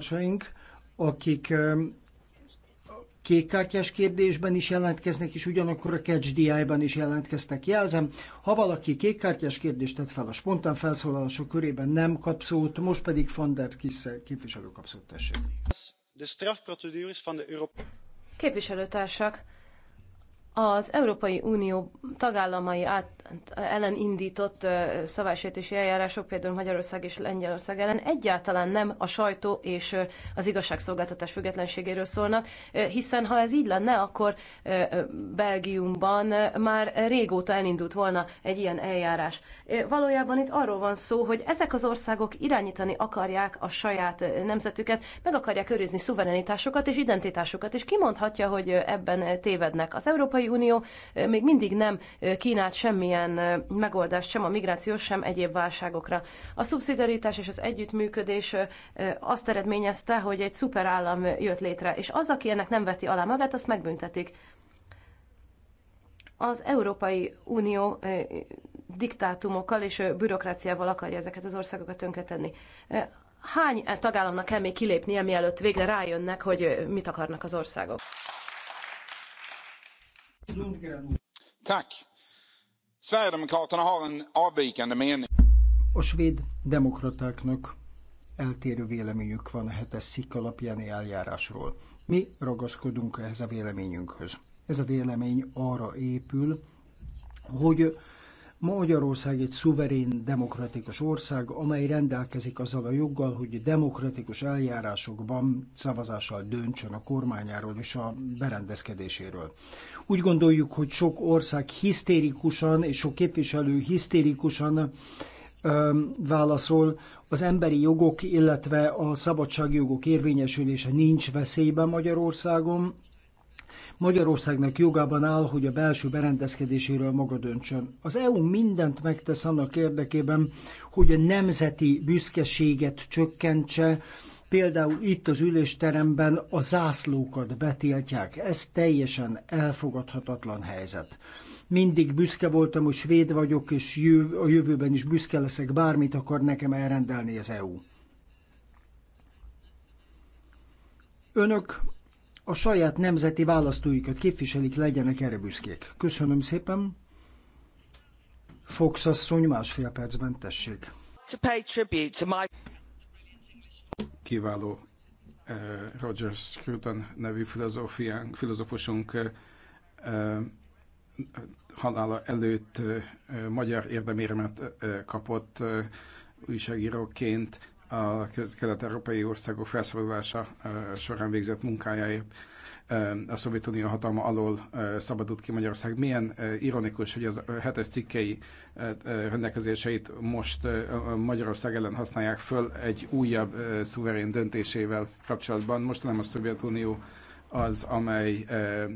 társaink, akik kékkártyás kérdésben is jelentkeznek, és ugyanakkor a Catch DI-ban is jelentkeztek. Jelzem, ha valaki kékkártyás kérdést tett fel a spontán felszólalások körében, nem kap szót, most pedig van der Kisse képviselő kap szót, tessék. Képviselőtársak, az Európai Unió tagállamai át, ellen indított szabálysértési eljárások, például Magyarország és Lengyelország ellen egyáltalán nem a sajtó és az igazságszolgáltatás függetlenségéről szólnak, hiszen ha ez így lenne, akkor Belgiumban már régóta elindult volna egy ilyen eljárás. Valójában itt arról van szó, hogy ezek az országok irányítani akarják a saját nemzetüket, meg akarják őrizni szuverenitásokat és identitásukat, és kimondhatja, hogy ebben tévednek. Az Európai Európai Unió eh, még mindig nem eh, kínált semmilyen eh, megoldást sem a migrációs, sem egyéb válságokra. A szubszidaritás és az együttműködés azt eredményezte, hogy egy szuperállam jött létre, és az, aki ennek nem veti alá magát, azt megbüntetik. Az Európai Unió diktátumokkal és bürokráciával akarja ezeket az országokat tönketenni. Hány tagállamnak kell még kilépnie, mielőtt végre rájönnek, hogy mit akarnak az országok? A svéd demokratáknak eltérő véleményük van a hetes szik alapjáni eljárásról. Mi ragaszkodunk ehhez a véleményünkhöz. Ez a vélemény arra épül, hogy Magyarország egy szuverén demokratikus ország, amely rendelkezik azzal a joggal, hogy demokratikus eljárásokban szavazással döntsön a kormányáról és a berendezkedéséről. Úgy gondoljuk, hogy sok ország hisztérikusan, és sok képviselő hisztérikusan válaszol, az emberi jogok, illetve a szabadságjogok érvényesülése nincs veszélyben Magyarországon. Magyarországnak jogában áll, hogy a belső berendezkedéséről maga döntsön. Az EU mindent megtesz annak érdekében, hogy a nemzeti büszkeséget csökkentse, Például itt az ülésteremben a zászlókat betiltják. Ez teljesen elfogadhatatlan helyzet. Mindig büszke voltam, hogy svéd vagyok, és a jövőben is büszke leszek, bármit akar nekem elrendelni az EU. Önök a saját nemzeti választóikat képviselik, legyenek erre büszkék. Köszönöm szépen. Fox asszony másfél percben tessék. Kiváló eh, Roger Scruton nevű filozófiánk, filozófusunk eh, eh, halála előtt magyar érdeméremet kapott újságíróként a kelet-európai országok felszabadulása során végzett munkájáért a Szovjetunió hatalma alól szabadult ki Magyarország. Milyen ironikus, hogy az hetes cikkei rendelkezéseit most Magyarország ellen használják föl egy újabb szuverén döntésével kapcsolatban. Most nem a Szovjetunió az, amely e, e,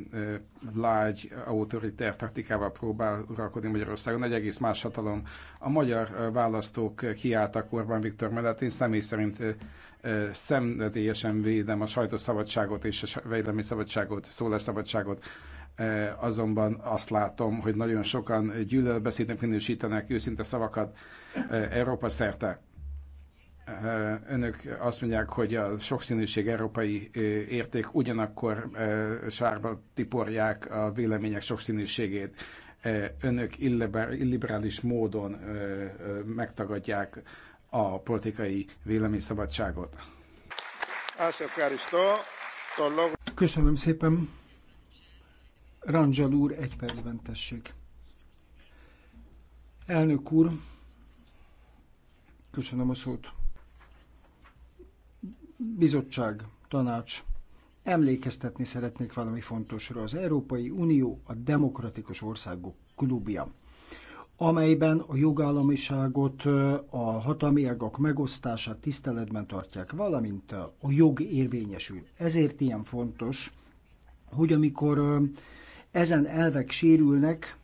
lágy, autoritár taktikával próbál uralkodni Magyarországon, egy egész más hatalom. A magyar választók kiálltak Orbán Viktor mellett, én személy szerint e, szemletélyesen védem a sajtószabadságot és a véleményszabadságot, szólásszabadságot, e, azonban azt látom, hogy nagyon sokan gyűlölbeszédnek minősítenek őszinte szavakat e, Európa szerte. Eh, önök azt mondják, hogy a sokszínűség európai eh, érték, ugyanakkor eh, sárba tiporják a vélemények sokszínűségét. Önök illiberális módon megtagadják a politikai véleményszabadságot. Köszönöm szépen. Randzsal úr, egy percben tessék. Elnök úr, köszönöm a szót bizottság, tanács, emlékeztetni szeretnék valami fontosra. Az Európai Unió a demokratikus országok klubja amelyben a jogállamiságot, a hatalmi ágak megosztását tiszteletben tartják, valamint a jog érvényesül. Ezért ilyen fontos, hogy amikor ezen elvek sérülnek,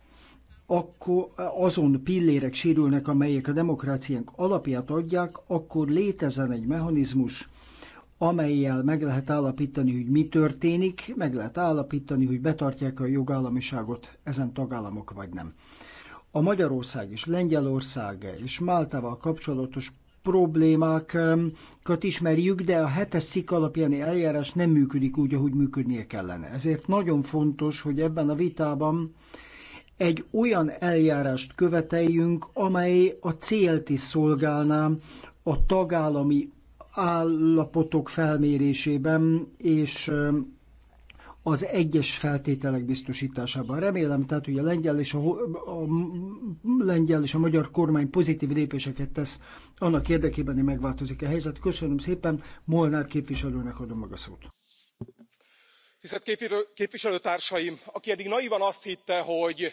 akkor azon pillérek sérülnek, amelyek a demokráciánk alapját adják, akkor létezen egy mechanizmus, amelyel meg lehet állapítani, hogy mi történik, meg lehet állapítani, hogy betartják a jogállamiságot ezen tagállamok vagy nem. A Magyarország és Lengyelország és Máltával kapcsolatos problémákat ismerjük, de a hetes szik alapjáni eljárás nem működik úgy, ahogy működnie kellene. Ezért nagyon fontos, hogy ebben a vitában egy olyan eljárást követeljünk, amely a célt is szolgálná, a tagállami állapotok felmérésében és az egyes feltételek biztosításában. Remélem, tehát ugye a lengyel és a, a, a lengyel és a magyar kormány pozitív lépéseket tesz annak érdekében, hogy megváltozik a helyzet. Köszönöm szépen, Molnár képviselőnek adom maga szót. Tisztelt képviselőtársaim, aki eddig naivan azt hitte, hogy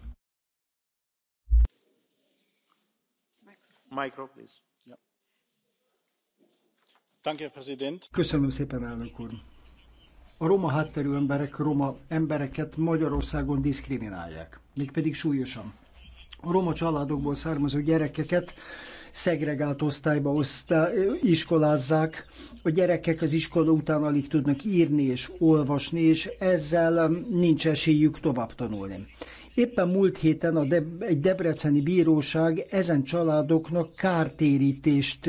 Köszönöm szépen, elnök úr. A roma hátterű emberek, roma embereket Magyarországon diszkriminálják, mégpedig súlyosan. A roma családokból származó gyerekeket szegregált osztályba osztá, iskolázzák. A gyerekek az iskola után alig tudnak írni és olvasni, és ezzel um, nincs esélyük tovább tanulni. Éppen múlt héten a de, egy debreceni bíróság ezen családoknak kártérítést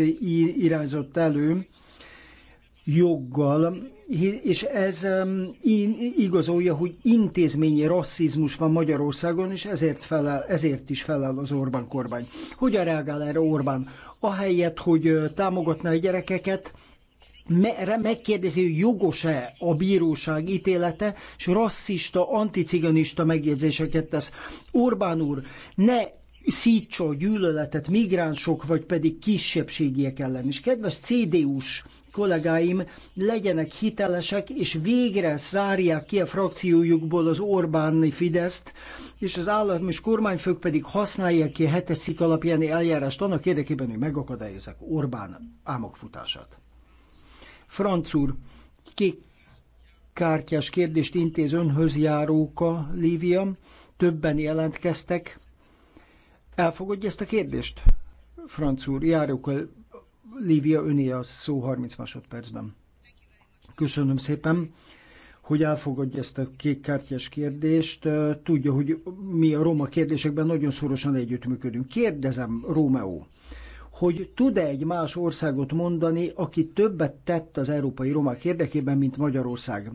irányzott elő joggal, és ez igazolja, hogy intézményi rasszizmus van Magyarországon, és ezért, felel, ezért is felel az Orbán kormány. Hogyan reagál erre Orbán? Ahelyett, hogy támogatná a gyerekeket, megkérdezi, hogy jogos-e a bíróság ítélete, és rasszista, anticiganista megjegyzéseket tesz. Orbán úr, ne szítsa a gyűlöletet migránsok, vagy pedig kisebbségiek ellen is. Kedves CDU-s kollégáim, legyenek hitelesek, és végre zárják ki a frakciójukból az Orbáni Fideszt, és az állam és kormányfők pedig használják ki a hetes szik alapjáni eljárást annak érdekében, hogy megakadályozzák Orbán álmokfutását. Franc úr, kék kártyás kérdést intéz önhöz járóka, Lívia. Többen jelentkeztek. Elfogadja ezt a kérdést? Franc úr, járóka, Lívia, öné a szó 30 másodpercben. Köszönöm szépen hogy elfogadja ezt a kártyás kérdést. Tudja, hogy mi a roma kérdésekben nagyon szorosan együttműködünk. Kérdezem, Rómeó, hogy tud-e egy más országot mondani, aki többet tett az európai romák érdekében, mint Magyarország.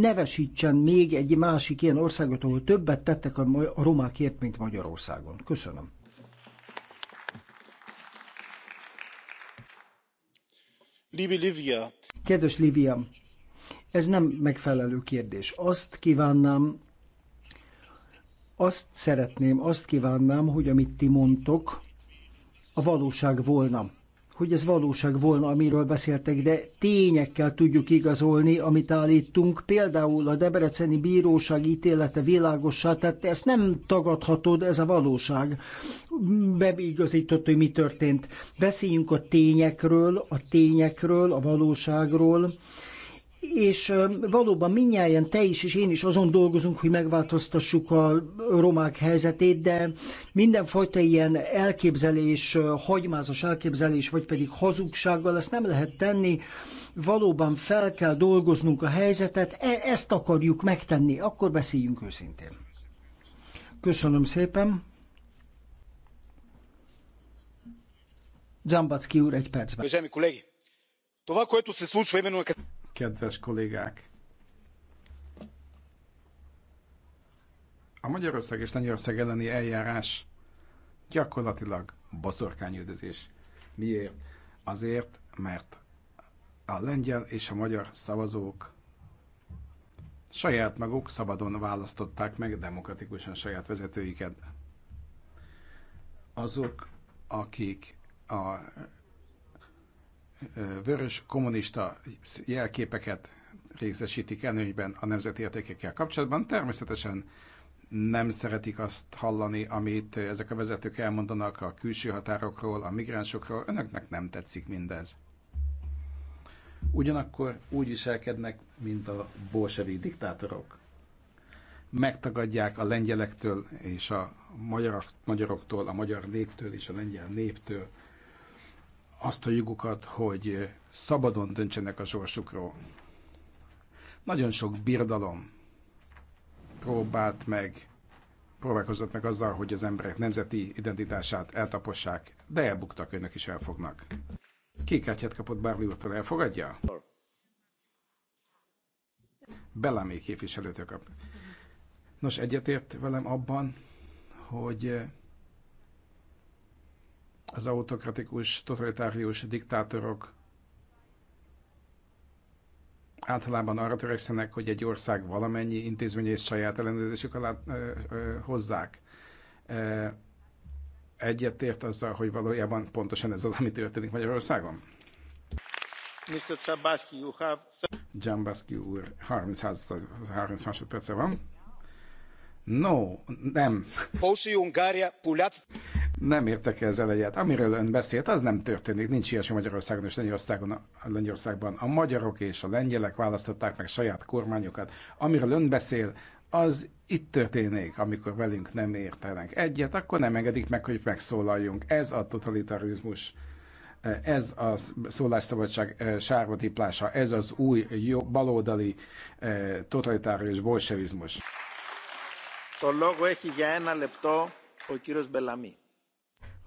Nevesítsen még egy másik ilyen országot, ahol többet tettek a romákért, mint Magyarországon. Köszönöm. Livia. Kedves Livia, ez nem megfelelő kérdés. Azt kívánnám, azt szeretném, azt kívánnám, hogy amit ti mondtok, a valóság volna. Hogy ez valóság volna, amiről beszéltek, de tényekkel tudjuk igazolni, amit állítunk. Például a Debreceni Bíróság ítélete világossá tette, ezt nem tagadhatod, ez a valóság. Beigazított, hogy mi történt. Beszéljünk a tényekről, a tényekről, a valóságról és valóban minnyáján te is és én is azon dolgozunk, hogy megváltoztassuk a romák helyzetét, de mindenfajta ilyen elképzelés, hagymázas elképzelés, vagy pedig hazugsággal ezt nem lehet tenni, valóban fel kell dolgoznunk a helyzetet, e- ezt akarjuk megtenni, akkor beszéljünk őszintén. Köszönöm szépen. Zambacki úr, egy percben. Köszönöm, колеги, това, което се случва именно kedves kollégák! A Magyarország és Lengyelország elleni eljárás gyakorlatilag boszorkányüldözés. Miért? Azért, mert a lengyel és a magyar szavazók saját maguk szabadon választották meg demokratikusan saját vezetőiket. Azok, akik a vörös kommunista jelképeket részesítik előnyben a nemzeti értékekkel kapcsolatban. Természetesen nem szeretik azt hallani, amit ezek a vezetők elmondanak a külső határokról, a migránsokról. Önöknek nem tetszik mindez. Ugyanakkor úgy viselkednek, mint a bolsevik diktátorok. Megtagadják a lengyelektől és a magyarok, magyaroktól, a magyar néptől és a lengyel néptől azt a jogukat, hogy szabadon döntsenek a sorsukról. Nagyon sok birdalom próbált meg, próbálkozott meg azzal, hogy az emberek nemzeti identitását eltapossák, de elbuktak, önök is elfognak. Kékkártyát kapott bármi úrtól, elfogadja? Belemé képviselőtől kap. Nos, egyetért velem abban, hogy az autokratikus, totalitárius diktátorok általában arra törekszenek, hogy egy ország valamennyi intézményét saját ellenőrzésük alá ö, ö, hozzák. E, egyetért azzal, hogy valójában pontosan ez az, ami történik Magyarországon? Mr. Czabaszki, you have... Dzsambaszki úr, 30, 30 másodperce van. No, nem. Polszi, Ungária, Puliac nem értek ezzel egyet. Amiről ön beszélt, az nem történik. Nincs ilyesmi Magyarországon és Lengyelországon, Lengyelországban. A magyarok és a lengyelek választották meg saját kormányokat. Amiről ön beszél, az itt történik, amikor velünk nem értenek egyet, akkor nem engedik meg, hogy megszólaljunk. Ez a totalitarizmus, ez a szólásszabadság eh, sárvatiplása, ez az új jobb baloldali eh, totalitárius bolsevizmus. Το λόγο έχει a ένα hogy ο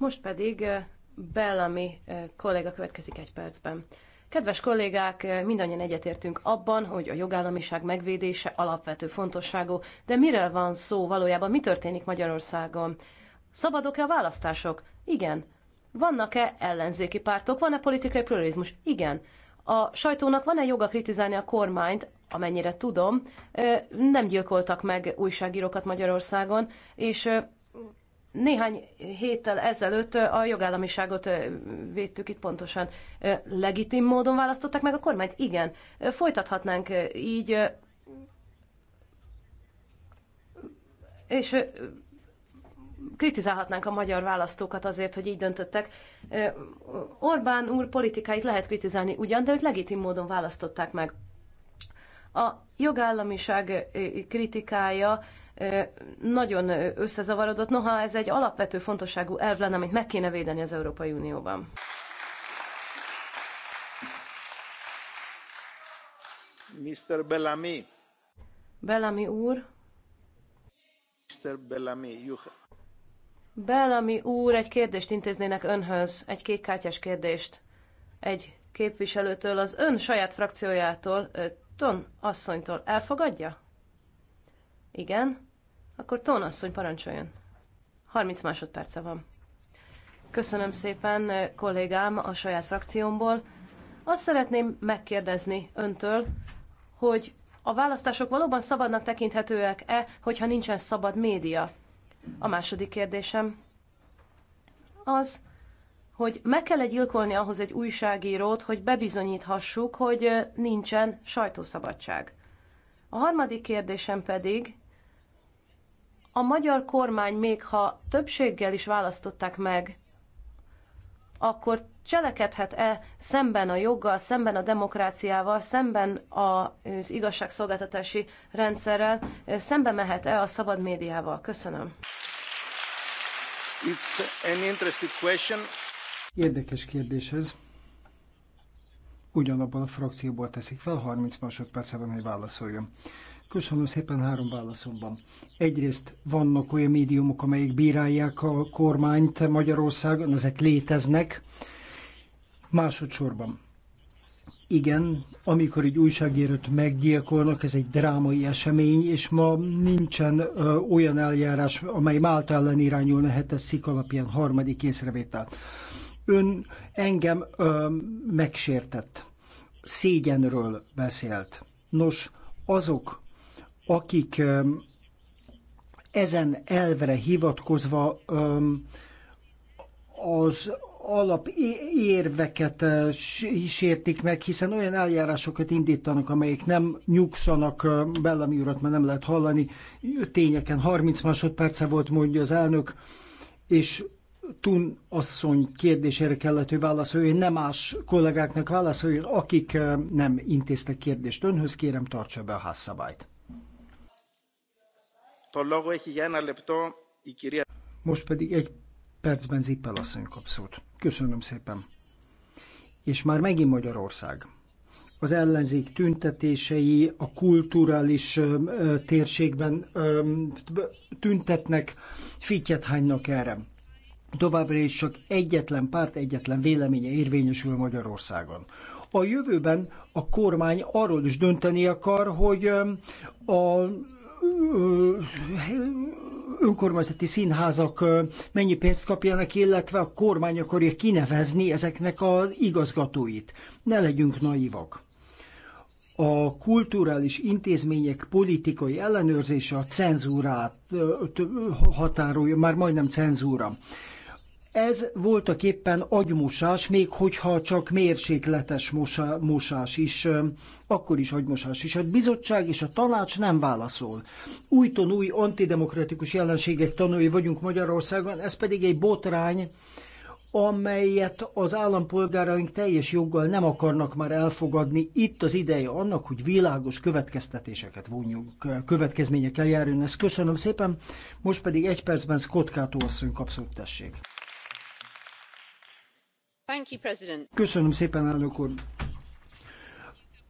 most pedig eh, Bellamy eh, kolléga következik egy percben. Kedves kollégák, eh, mindannyian egyetértünk abban, hogy a jogállamiság megvédése alapvető fontosságú, de miről van szó valójában, mi történik Magyarországon? Szabadok-e a választások? Igen. Vannak-e ellenzéki pártok? Van-e politikai pluralizmus? Igen. A sajtónak van-e joga kritizálni a kormányt? Amennyire tudom, nem gyilkoltak meg újságírókat Magyarországon, és néhány héttel ezelőtt a jogállamiságot védtük itt pontosan. Legitim módon választották meg a kormányt? Igen. Folytathatnánk így. És kritizálhatnánk a magyar választókat azért, hogy így döntöttek. Orbán úr politikáit lehet kritizálni ugyan, de őt legitim módon választották meg. A jogállamiság kritikája nagyon összezavarodott, noha ez egy alapvető fontosságú elv lenne, amit meg kéne védeni az Európai Unióban. Mr. Bellamy. Bellamy úr. Mr. Bellamy, you... Bellamy úr, egy kérdést intéznének önhöz, egy kékkártyás kérdést. Egy képviselőtől, az ön saját frakciójától, Ton asszonytól elfogadja? Igen. Akkor asszony, parancsoljon. 30 másodperce van. Köszönöm szépen eh, kollégám a saját frakciómból. Azt szeretném megkérdezni öntől, hogy a választások valóban szabadnak tekinthetőek-e, hogyha nincsen szabad média? A második kérdésem az, hogy meg kell egy gyilkolni ahhoz egy újságírót, hogy bebizonyíthassuk, hogy eh, nincsen sajtószabadság. A harmadik kérdésem pedig, a magyar kormány még ha többséggel is választották meg, akkor cselekedhet-e szemben a joggal, szemben a demokráciával, szemben az igazságszolgáltatási rendszerrel, szembe mehet-e a szabad médiával? Köszönöm. It's an interesting question. Érdekes kérdés ez. Ugyanabban a frakcióból teszik fel, 30 másodperce van, hogy válaszoljon. Köszönöm szépen három válaszomban. Egyrészt vannak olyan médiumok, amelyek bírálják a kormányt Magyarországon, ezek léteznek. Másodszorban. Igen, amikor egy újságírót meggyilkolnak, ez egy drámai esemény, és ma nincsen ö, olyan eljárás, amely Málta ellen lehet hetes szik alapján harmadik észrevétel. Ön engem ö, megsértett, szégyenről beszélt. Nos, azok, akik ezen elvre hivatkozva az alap érveket sértik meg, hiszen olyan eljárásokat indítanak, amelyek nem nyugszanak, Bellami urat már nem lehet hallani, tényeken 30 másodperce volt, mondja az elnök, és Tun asszony kérdésére kellett, hogy válaszoljon, nem más kollégáknak válaszoljon, akik nem intéztek kérdést önhöz, kérem tartsa be a házszabályt. Most pedig egy percben Zippel asszony kap szót. Köszönöm szépen. És már megint Magyarország az ellenzék tüntetései a kulturális ö, ö, térségben ö, tüntetnek, fityet hánynak erre. Továbbra is csak egyetlen párt, egyetlen véleménye érvényesül Magyarországon. A jövőben a kormány arról is dönteni akar, hogy a önkormányzati színházak mennyi pénzt kapjanak, illetve a kormány akarja kinevezni ezeknek az igazgatóit. Ne legyünk naivak. A kulturális intézmények politikai ellenőrzése a cenzúrát határolja, már majdnem cenzúra. Ez voltak éppen agymosás, még hogyha csak mérsékletes mosa, mosás is, akkor is agymosás is. A bizottság és a tanács nem válaszol. Újton új antidemokratikus jelenségek tanulói vagyunk Magyarországon, ez pedig egy botrány, amelyet az állampolgáraink teljes joggal nem akarnak már elfogadni. Itt az ideje annak, hogy világos következtetéseket vonjunk, következményekkel járjon. Ezt köszönöm szépen, most pedig egy percben Scott Kátó asszony kapszott tessék. Köszönöm szépen, elnök úr.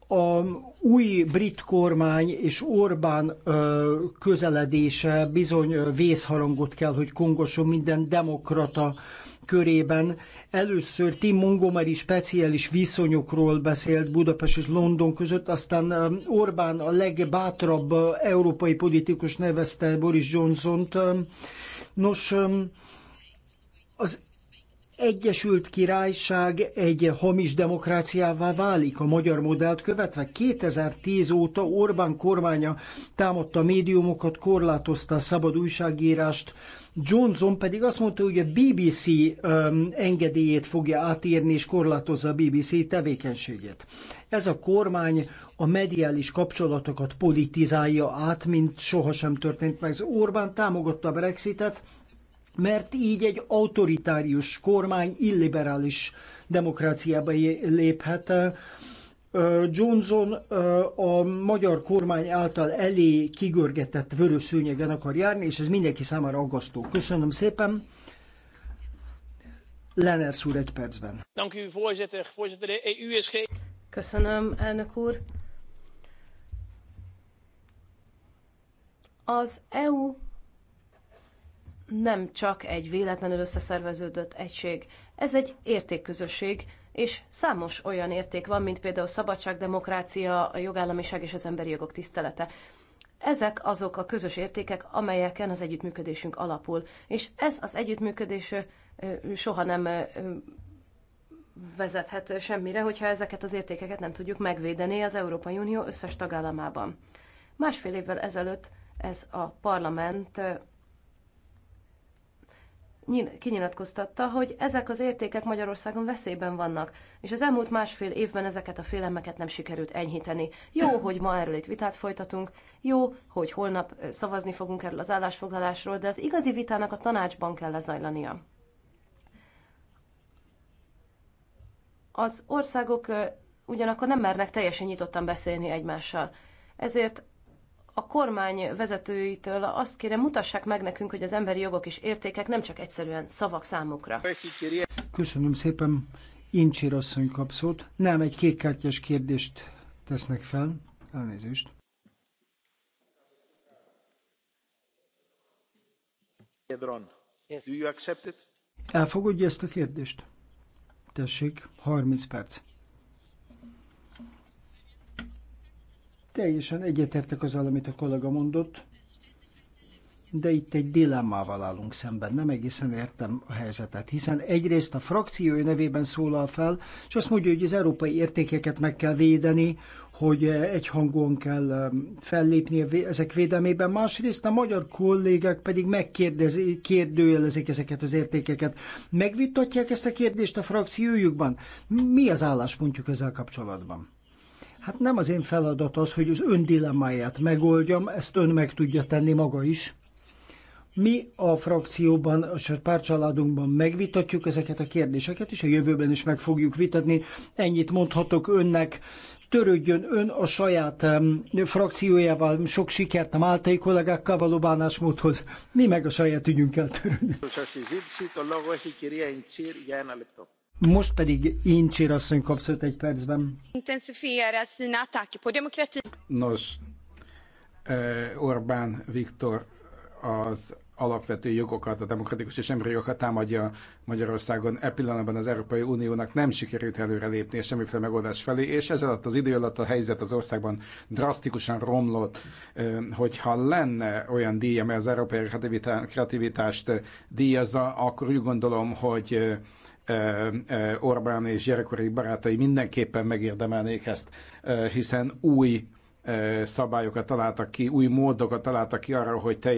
A új brit kormány és Orbán közeledése bizony vészharangot kell, hogy kongoson minden demokrata körében. Először Tim Montgomery speciális viszonyokról beszélt Budapest és London között, aztán Orbán a legbátrabb európai politikus nevezte Boris Johnsont. Nos, az Egyesült Királyság egy hamis demokráciává válik a magyar modellt követve. 2010 óta Orbán kormánya támadta a médiumokat, korlátozta a szabad újságírást, Johnson pedig azt mondta, hogy a BBC um, engedélyét fogja átírni és korlátozza a BBC tevékenységét. Ez a kormány a mediális kapcsolatokat politizálja át, mint sohasem történt meg. Orbán támogatta a Brexitet, mert így egy autoritárius kormány illiberális demokráciába léphet. Johnson a magyar kormány által elé kigörgetett vörös szőnyegen akar járni, és ez mindenki számára aggasztó. Köszönöm szépen. Lenners úr egy percben. E Köszönöm, elnök úr. Az EU nem csak egy véletlenül összeszerveződött egység. Ez egy értékközösség, és számos olyan érték van, mint például szabadság, demokrácia, a jogállamiság és az emberi jogok tisztelete. Ezek azok a közös értékek, amelyeken az együttműködésünk alapul, és ez az együttműködés soha nem vezethet semmire, hogyha ezeket az értékeket nem tudjuk megvédeni az Európai Unió összes tagállamában. Másfél évvel ezelőtt ez a parlament kinyilatkoztatta, hogy ezek az értékek Magyarországon veszélyben vannak, és az elmúlt másfél évben ezeket a félelmeket nem sikerült enyhíteni. Jó, hogy ma erről itt vitát folytatunk, jó, hogy holnap szavazni fogunk erről az állásfoglalásról, de az igazi vitának a tanácsban kell lezajlania. Az országok ugyanakkor nem mernek teljesen nyitottan beszélni egymással. Ezért a kormány vezetőitől azt kérem, mutassák meg nekünk, hogy az emberi jogok és értékek nem csak egyszerűen szavak számukra. Köszönöm szépen. Incsér asszony kap szót. Nem, egy kékkártyás kérdést tesznek fel. Elnézést. Yes. Elfogadja ezt a kérdést? Tessék, 30 perc. Teljesen egyetértek azzal, amit a kollega mondott, de itt egy dilemmával állunk szemben. Nem egészen értem a helyzetet, hiszen egyrészt a frakciói nevében szólal fel, és azt mondja, hogy az európai értékeket meg kell védeni, hogy egy hangon kell um, fellépni ezek védelmében, másrészt a magyar kollégák pedig megkérdőjelezik ezeket az értékeket. Megvitatják ezt a kérdést a frakciójukban? Mi az álláspontjuk ezzel kapcsolatban? Hát nem az én feladat az, hogy az ön dilemmáját megoldjam, ezt ön meg tudja tenni maga is. Mi a frakcióban, a párcsaládunkban megvitatjuk ezeket a kérdéseket, és a jövőben is meg fogjuk vitatni. Ennyit mondhatok önnek. Törődjön ön a saját um, frakciójával, sok sikert a máltai kollégákkal való bánásmódhoz. Mi meg a saját ügyünkkel törődünk. Most pedig én Csirasszony kapszott egy percben. Nos, Orbán Viktor az alapvető jogokat, a demokratikus és emberi jogokat támadja Magyarországon. E pillanatban az Európai Uniónak nem sikerült előrelépni és semmiféle megoldás felé, és ez alatt az idő alatt a helyzet az országban drasztikusan romlott. Hogyha lenne olyan díj, amely az európai kreativitást díjazza, akkor úgy gondolom, hogy Orbán és gyerekkori barátai mindenképpen megérdemelnék ezt, hiszen új szabályokat találtak ki, új módokat találtak ki arra, hogy te,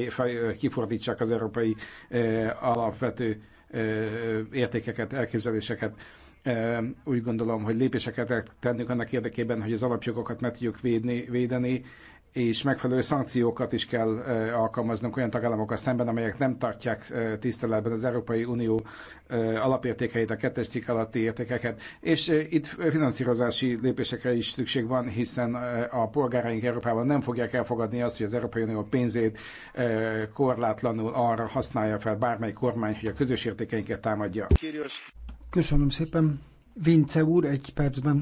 kifordítsák az európai alapvető értékeket, elképzeléseket. Úgy gondolom, hogy lépéseket tennünk annak érdekében, hogy az alapjogokat meg tudjuk védni, védeni, és megfelelő szankciókat is kell alkalmaznunk olyan tagállamokkal szemben, amelyek nem tartják tiszteletben az Európai Unió alapértékeit, a kettes cikk alatti értékeket. És itt finanszírozási lépésekre is szükség van, hiszen a polgáraink Európában nem fogják elfogadni azt, hogy az Európai Unió pénzét korlátlanul arra használja fel bármely kormány, hogy a közös értékeinket támadja. Köszönöm szépen. Vince úr, egy percben.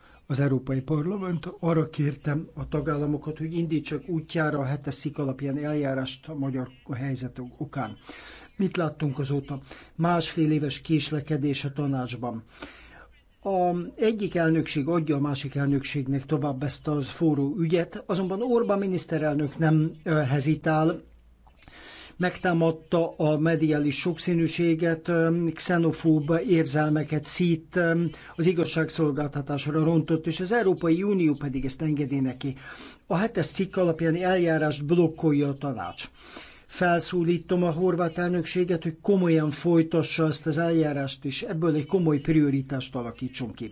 az Európai Parlament arra kértem a tagállamokat, hogy indítsak útjára a hetes szik alapján eljárást a magyar helyzet okán. Mit láttunk azóta? Másfél éves késlekedés a tanácsban. A egyik elnökség adja a másik elnökségnek tovább ezt a forró ügyet, azonban Orbán miniszterelnök nem hezitál, megtámadta a mediális sokszínűséget, xenofób érzelmeket szít, az igazságszolgáltatásra rontott, és az Európai Unió pedig ezt engedi neki. A hetes cikk alapján eljárást blokkolja a tanács. Felszólítom a horvát elnökséget, hogy komolyan folytassa ezt az eljárást, és ebből egy komoly prioritást alakítson ki.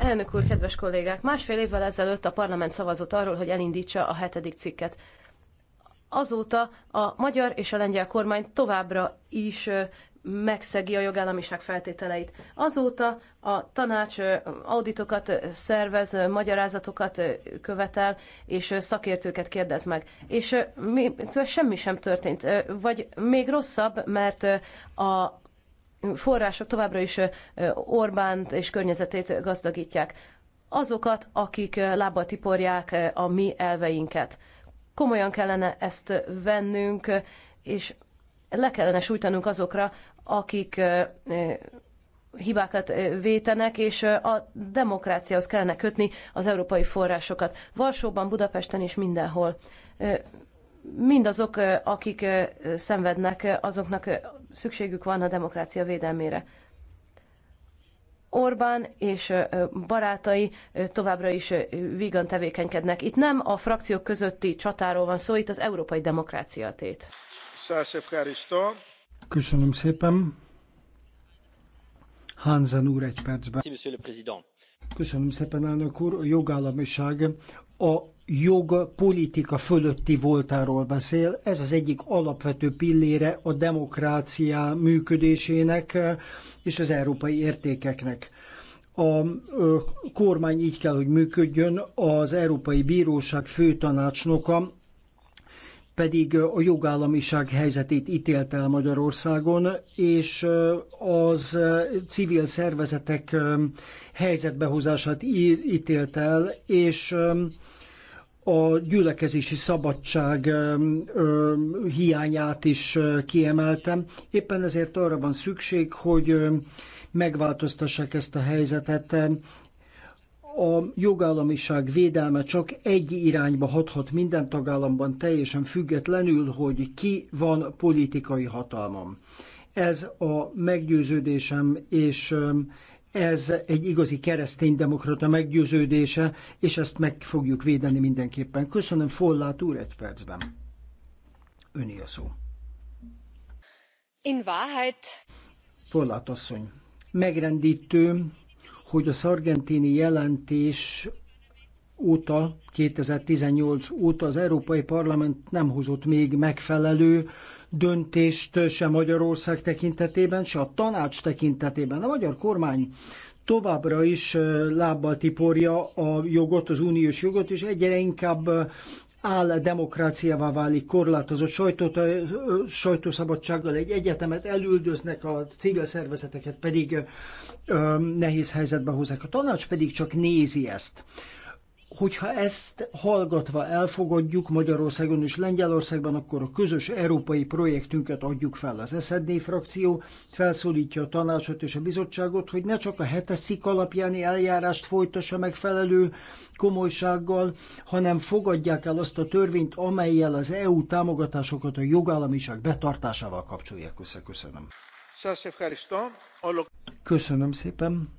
Elnök úr, kedves kollégák! Másfél évvel ezelőtt a parlament szavazott arról, hogy elindítsa a hetedik cikket. Azóta a magyar és a lengyel kormány továbbra is megszegi a jogállamiság feltételeit. Azóta a tanács auditokat szervez, magyarázatokat követel, és szakértőket kérdez meg. És mi, semmi sem történt. Vagy még rosszabb, mert a források továbbra is Orbánt és környezetét gazdagítják. Azokat, akik lábbal tiporják a mi elveinket. Komolyan kellene ezt vennünk, és le kellene sújtanunk azokra, akik hibákat vétenek, és a demokráciához kellene kötni az európai forrásokat. Varsóban, Budapesten és mindenhol mindazok, akik szenvednek, azoknak szükségük van a demokrácia védelmére. Orbán és barátai továbbra is vígan tevékenykednek. Itt nem a frakciók közötti csatáról van szó, itt az európai demokrácia tét. Köszönöm szépen. Hansen úr egy percben. Köszönöm szépen, elnök úr. A jogállamiság a politika fölötti voltáról beszél. Ez az egyik alapvető pillére a demokrácia működésének eh, és az európai értékeknek. A kormány így kell, hogy működjön, az Európai Bíróság főtanácsnoka pedig a jogállamiság helyzetét ítélte el Magyarországon, és az civil szervezetek helyzetbehozását ítélte el, és a gyülekezési szabadság ö, ö, hiányát is kiemeltem. Éppen ezért arra van szükség, hogy megváltoztassák ezt a helyzetet. A jogállamiság védelme csak egy irányba hathat minden tagállamban teljesen függetlenül, hogy ki van politikai hatalmam. Ez a meggyőződésem, és ez egy igazi kereszténydemokrata meggyőződése, és ezt meg fogjuk védeni mindenképpen. Köszönöm, Follát úr, egy percben. Öné a szó. In Wahrheit. Follát asszony. Megrendítő, hogy a szargentini jelentés óta, 2018 óta az Európai Parlament nem hozott még megfelelő döntést se Magyarország tekintetében, se a tanács tekintetében. A magyar kormány továbbra is lábbal tiporja a jogot, az uniós jogot, és egyre inkább áll demokráciává válik, korlátozott sajtót, sajtószabadsággal egy egyetemet elüldöznek, a civil szervezeteket pedig ö, nehéz helyzetbe hozzák. A tanács pedig csak nézi ezt hogyha ezt hallgatva elfogadjuk Magyarországon és Lengyelországban, akkor a közös európai projektünket adjuk fel. Az SZD frakció felszólítja a tanácsot és a bizottságot, hogy ne csak a hetes szik alapjáni eljárást folytassa megfelelő komolysággal, hanem fogadják el azt a törvényt, amelyel az EU támogatásokat a jogállamiság betartásával kapcsolják össze. Köszönöm. Köszönöm szépen.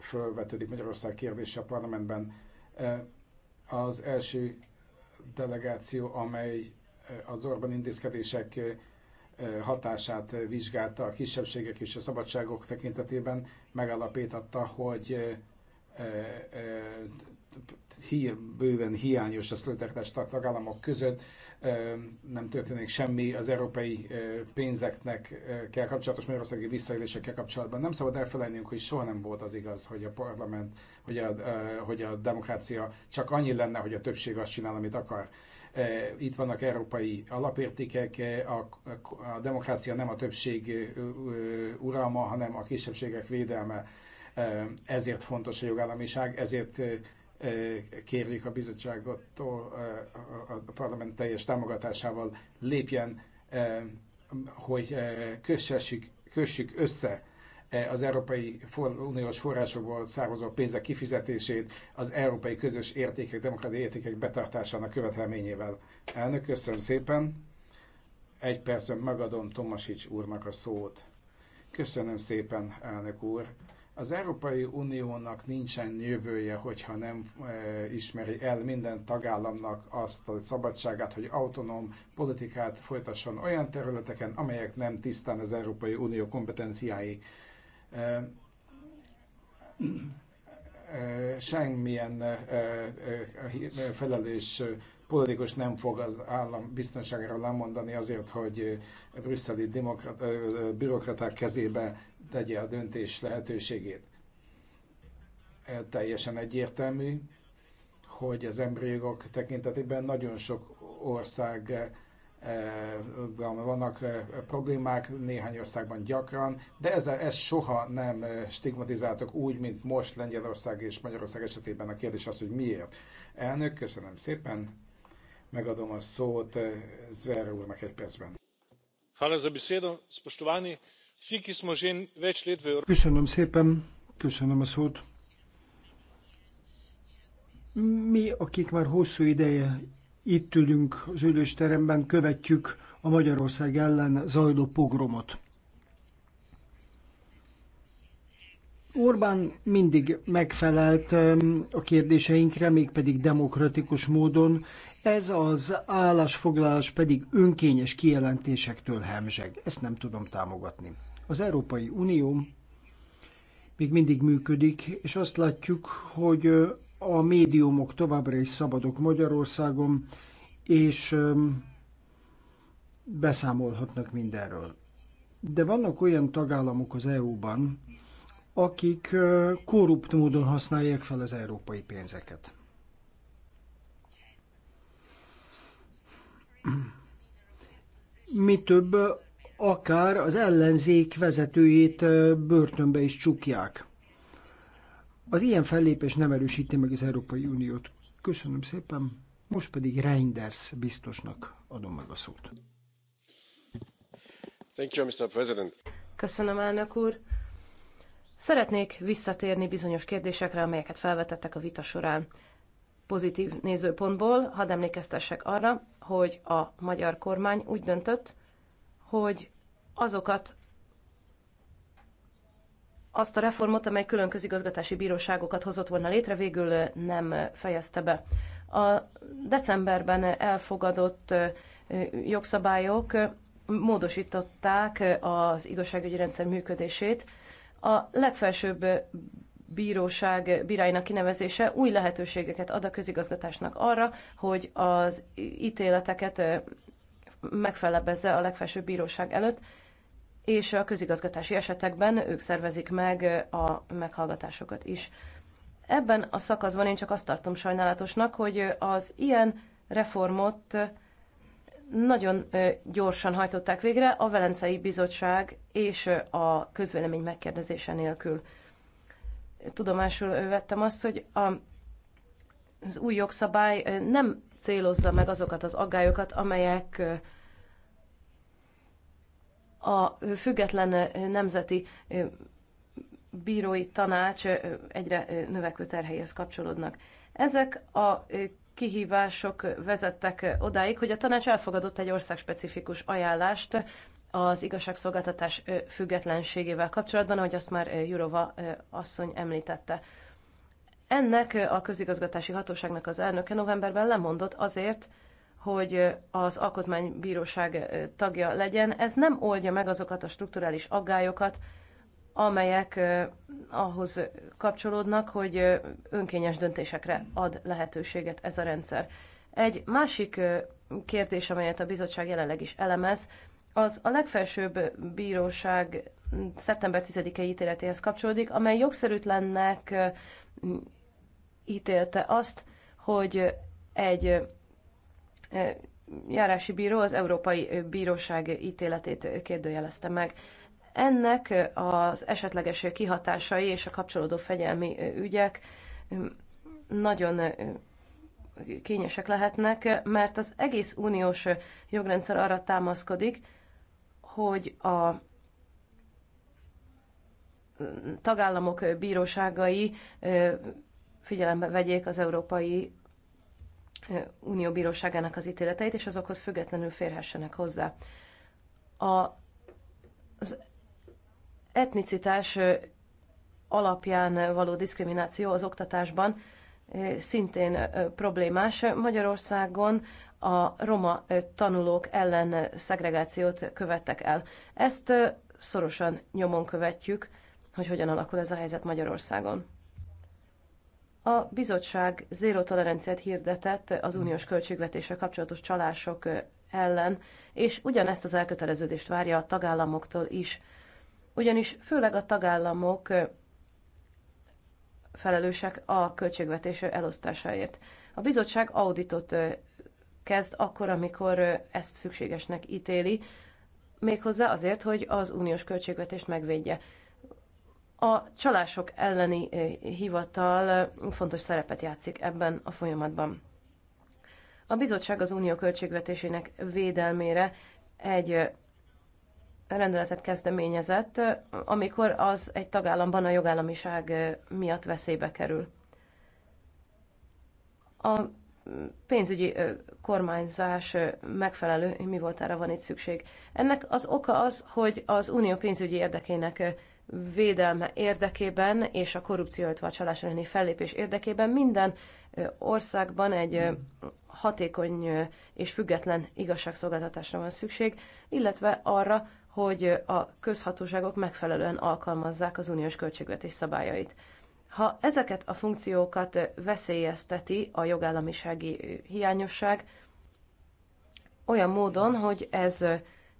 fölvetődik Magyarország kérdése a parlamentben. Az első delegáció, amely az Orbán intézkedések hatását vizsgálta a kisebbségek és a szabadságok tekintetében, megállapította, hogy hi, bőven hiányos a szolidaritás a tagállamok között, nem történik semmi az európai pénzeknek kell kapcsolatos magyarországi visszaélésekkel kapcsolatban. Nem szabad elfelejtenünk, hogy soha nem volt az igaz, hogy a parlament, hogy a, hogy a demokrácia csak annyi lenne, hogy a többség azt csinál, amit akar. Itt vannak európai alapértékek, a, a demokrácia nem a többség uralma, hanem a kisebbségek védelme ezért fontos a jogállamiság, ezért Eh, kérjük a bizottságottól eh, a parlament teljes támogatásával lépjen, eh, hogy kössessük, kössük össze az Európai Uniós forrásokból származó pénzek kifizetését az európai közös értékek, demokratiai értékek betartásának követelményével. Elnök, köszönöm szépen. Egy percben megadom Tomasics úrnak a szót. Köszönöm szépen, elnök úr. Az Európai Uniónak nincsen jövője, hogyha nem e, ismeri el minden tagállamnak azt a szabadságát, hogy autonóm politikát folytasson olyan területeken, amelyek nem tisztán az Európai Unió kompetenciái e, e, semmilyen felelős politikus nem fog az állam biztonságára lemondani azért, hogy brüsszeli demokrat, bürokraták kezébe tegye a döntés lehetőségét. E, teljesen egyértelmű, hogy az emberi jogok tekintetében nagyon sok ország e, e, vannak problémák, néhány országban gyakran, de ez, ez soha nem stigmatizáltak úgy, mint most Lengyelország és Magyarország esetében. A kérdés az, hogy miért. Elnök, köszönöm szépen. Megadom a szót Zver úrnak egy percben. Hála za besedo, spoštovani. Köszönöm szépen, köszönöm a szót. Mi, akik már hosszú ideje itt ülünk az ülősteremben, követjük a Magyarország ellen zajló pogromot. Orbán mindig megfelelt um, a kérdéseinkre, mégpedig demokratikus módon, ez az állásfoglalás pedig önkényes kijelentésektől hemzseg. Ezt nem tudom támogatni. Az Európai Unió még mindig működik, és azt látjuk, hogy a médiumok továbbra is szabadok Magyarországon, és beszámolhatnak mindenről. De vannak olyan tagállamok az EU-ban, akik korrupt módon használják fel az európai pénzeket. Mi több, akár az ellenzék vezetőjét börtönbe is csukják. Az ilyen fellépés nem erősíti meg az Európai Uniót. Köszönöm szépen. Most pedig Reinders biztosnak adom meg a szót. Thank you, Mr. President. Köszönöm, elnök úr. Szeretnék visszatérni bizonyos kérdésekre, amelyeket felvetettek a vita során pozitív nézőpontból hadd emlékeztessek arra, hogy a magyar kormány úgy döntött, hogy azokat azt a reformot, amely külön közigazgatási bíróságokat hozott volna létre, végül nem fejezte be. A decemberben elfogadott jogszabályok módosították az igazságügyi rendszer működését. A legfelsőbb bíróság bíráinak kinevezése új lehetőségeket ad a közigazgatásnak arra, hogy az ítéleteket megfelebezze a legfelsőbb bíróság előtt, és a közigazgatási esetekben ők szervezik meg a meghallgatásokat is. Ebben a szakaszban én csak azt tartom sajnálatosnak, hogy az ilyen reformot nagyon gyorsan hajtották végre a Velencei Bizottság és a közvélemény megkérdezése nélkül tudomásul vettem azt, hogy a, az új jogszabály nem célozza meg azokat az aggályokat, amelyek a független nemzeti bírói tanács egyre növekvő terhelyhez kapcsolódnak. Ezek a kihívások vezettek odáig, hogy a tanács elfogadott egy országspecifikus ajánlást az igazságszolgáltatás függetlenségével kapcsolatban, ahogy azt már Jurova asszony említette. Ennek a közigazgatási hatóságnak az elnöke novemberben lemondott azért, hogy az alkotmánybíróság tagja legyen. Ez nem oldja meg azokat a strukturális aggályokat, amelyek ahhoz kapcsolódnak, hogy önkényes döntésekre ad lehetőséget ez a rendszer. Egy másik kérdés, amelyet a bizottság jelenleg is elemez, az a legfelsőbb bíróság szeptember 10-e ítéletéhez kapcsolódik, amely jogszerűtlennek ítélte azt, hogy egy járási bíró az Európai Bíróság ítéletét kérdőjelezte meg. Ennek az esetleges kihatásai és a kapcsolódó fegyelmi ügyek nagyon kényesek lehetnek, mert az egész uniós jogrendszer arra támaszkodik, hogy a tagállamok bíróságai figyelembe vegyék az Európai Unió bíróságának az ítéleteit, és azokhoz függetlenül férhessenek hozzá. A, az etnicitás alapján való diszkrimináció az oktatásban szintén problémás. Magyarországon a roma tanulók ellen szegregációt követtek el. Ezt szorosan nyomon követjük, hogy hogyan alakul ez a helyzet Magyarországon. A bizottság zéró toleranciát hirdetett az uniós költségvetésre kapcsolatos csalások ellen, és ugyanezt az elköteleződést várja a tagállamoktól is. Ugyanis főleg a tagállamok felelősek a költségvetés elosztásáért. A bizottság auditot kezd akkor, amikor ezt szükségesnek ítéli, méghozzá azért, hogy az uniós költségvetést megvédje. A csalások elleni hivatal fontos szerepet játszik ebben a folyamatban. A bizottság az unió költségvetésének védelmére egy rendeletet kezdeményezett, amikor az egy tagállamban a jogállamiság miatt veszélybe kerül. A pénzügyi kormányzás megfelelő, mi volt erre van itt szükség. Ennek az oka az, hogy az unió pénzügyi érdekének védelme érdekében és a korrupció, vagy csalás elleni fellépés érdekében minden országban egy hatékony és független igazságszolgáltatásra van szükség, illetve arra, hogy a közhatóságok megfelelően alkalmazzák az uniós költségvetés szabályait. Ha ezeket a funkciókat veszélyezteti a jogállamisági hiányosság, olyan módon, hogy ez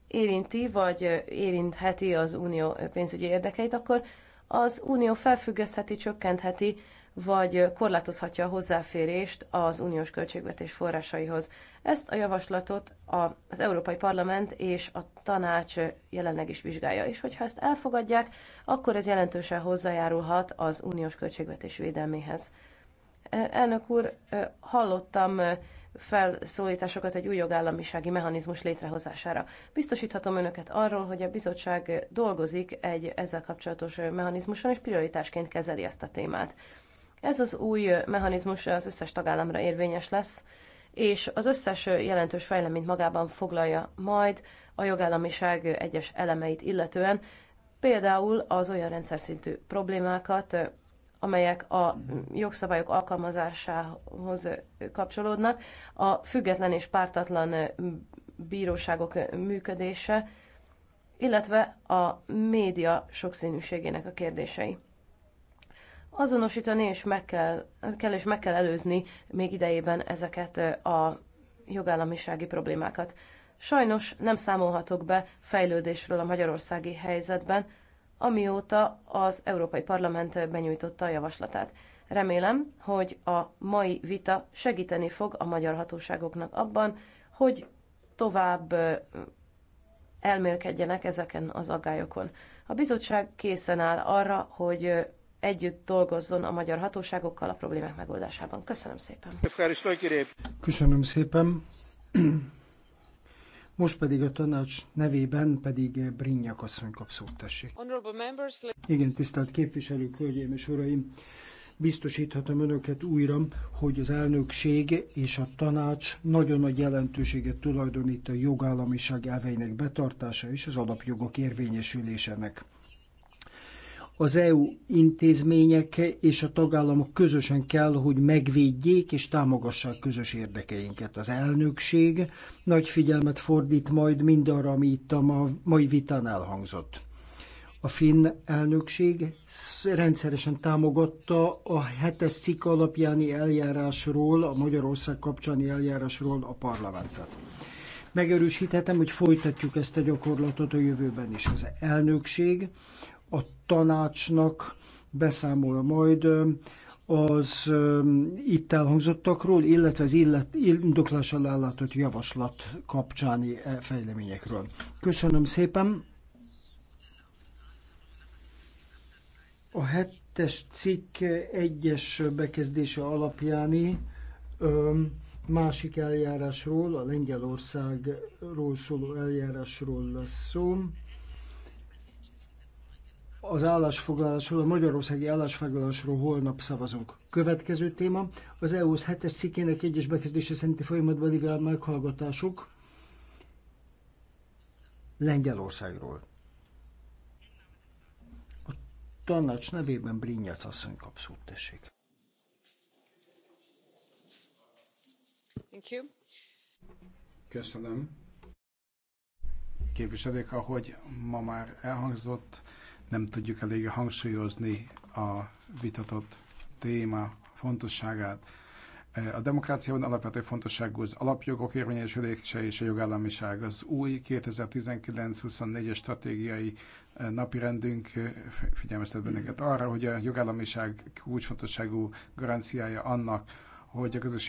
érinti vagy érintheti az unió pénzügyi érdekeit, akkor az unió felfüggesztheti, csökkentheti vagy korlátozhatja a hozzáférést az uniós költségvetés forrásaihoz. Ezt a javaslatot az Európai Parlament és a tanács jelenleg is vizsgálja, és hogyha ezt elfogadják, akkor ez jelentősen hozzájárulhat az uniós költségvetés védelméhez. Elnök úr, hallottam felszólításokat egy új jogállamisági mechanizmus létrehozására. Biztosíthatom önöket arról, hogy a bizottság dolgozik egy ezzel kapcsolatos mechanizmuson, és prioritásként kezeli ezt a témát. Ez az új mechanizmus az összes tagállamra érvényes lesz, és az összes jelentős fejleményt magában foglalja majd a jogállamiság egyes elemeit illetően, például az olyan rendszer szintű problémákat, amelyek a jogszabályok alkalmazásához kapcsolódnak, a független és pártatlan bíróságok működése, illetve a média sokszínűségének a kérdései azonosítani és meg kell, kell és meg kell előzni még idejében ezeket a jogállamisági problémákat. Sajnos nem számolhatok be fejlődésről a magyarországi helyzetben, amióta az Európai Parlament benyújtotta a javaslatát. Remélem, hogy a mai vita segíteni fog a magyar hatóságoknak abban, hogy tovább elmélkedjenek ezeken az aggályokon. A bizottság készen áll arra, hogy együtt dolgozzon a magyar hatóságokkal a problémák megoldásában. Köszönöm szépen. Köszönöm szépen. Most pedig a tanács nevében pedig Brignyak asszony kap szót, tessék. Igen, tisztelt képviselők, hölgyeim és uraim! Biztosíthatom önöket újra, hogy az elnökség és a tanács nagyon nagy jelentőséget tulajdonít a jogállamiság elveinek betartása és az alapjogok érvényesülésének az EU intézmények és a tagállamok közösen kell, hogy megvédjék és támogassák közös érdekeinket. Az elnökség nagy figyelmet fordít majd mindarra, ami itt a mai vitán elhangzott. A finn elnökség rendszeresen támogatta a hetes cikk alapjáni eljárásról, a Magyarország kapcsolani eljárásról a parlamentet megerősíthetem, hogy folytatjuk ezt a gyakorlatot a jövőben is. Az elnökség a tanácsnak beszámol majd az itt elhangzottakról, illetve az illet, indoklással ellátott javaslat kapcsáni e fejleményekről. Köszönöm szépen! A hettes cikk egyes bekezdése alapjáni másik eljárásról, a Lengyelországról szóló eljárásról lesz szó az állásfoglalásról, a magyarországi állásfoglalásról holnap szavazunk. Következő téma az eu s 7-es cikkének egyes bekezdése szerinti folyamatban lévő meghallgatások Lengyelországról. A tanács nevében Brinyac asszony kap szót, tessék. Thank you. Köszönöm. Képviselők, ahogy ma már elhangzott, nem tudjuk elég hangsúlyozni a vitatott téma fontosságát. E, a demokráciában alapvető fontosságú az alapjogok érvényesülése és a jogállamiság. Az új 2019-24-es stratégiai e, napirendünk e, figyelmeztet bennünket arra, hogy a jogállamiság kulcsfontosságú garanciája annak, hogy a közös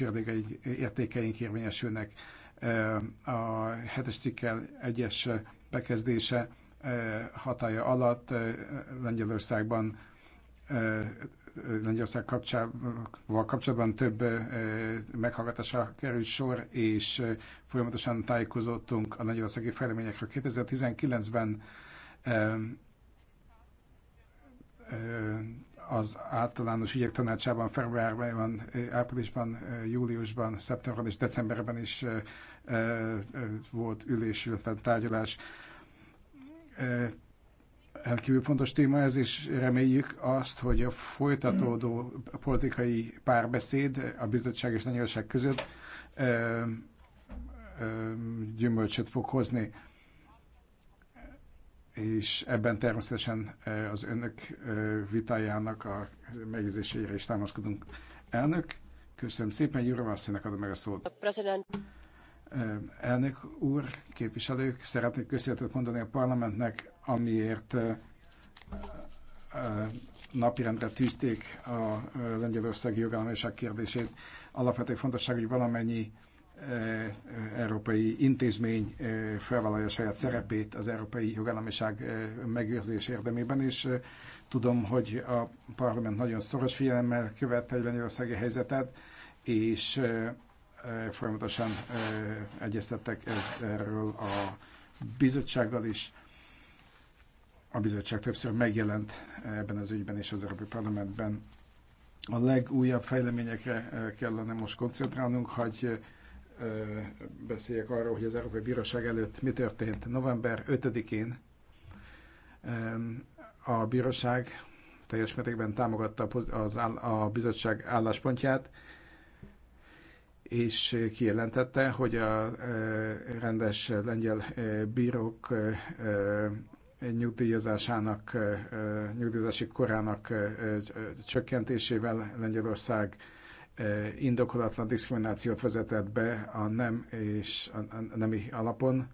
értékeink érvényesülnek. A hetes cikkel egyes bekezdése hatája alatt Lengyelországban Lengyelország kapcsával kapcsolatban több meghallgatásra került sor, és folyamatosan tájékozottunk a lengyelországi fejleményekről. 2019-ben az általános ügyek tanácsában, februárban, áprilisban, júliusban, szeptemberben és decemberben is volt ülés, illetve tárgyalás Elkívül fontos téma ez, és reméljük azt, hogy a folytatódó politikai párbeszéd a bizottság és lengyelság között gyümölcsöt fog hozni. És ebben természetesen az önök vitájának a megjegyzéseire is támaszkodunk. Elnök, köszönöm szépen, Jura Vasszének adom meg a szót. President. Elnök úr, képviselők, szeretnék köszönetet mondani a parlamentnek, amiért napirendre tűzték a lengyelországi jogállamiság kérdését. Alapvető fontosság, hogy valamennyi európai intézmény felvállalja saját szerepét az európai jogállamiság megőrzés érdemében, és tudom, hogy a parlament nagyon szoros figyelemmel követte a lengyelországi helyzetet, és folyamatosan egyeztettek ez, erről a bizottsággal is. A bizottság többször megjelent ebben az ügyben és az Európai Parlamentben. A legújabb fejleményekre kellene most koncentrálnunk, hogy beszéljek arról, hogy az Európai Bíróság előtt mi történt. November 5-én a bíróság teljes mértékben támogatta az, a bizottság álláspontját, és kijelentette, hogy a e, rendes lengyel e, bírók e, nyugdíjazásának, nyugdíjazási korának csökkentésével Lengyelország indokolatlan diszkriminációt vezetett be a nem és a nemi alapon,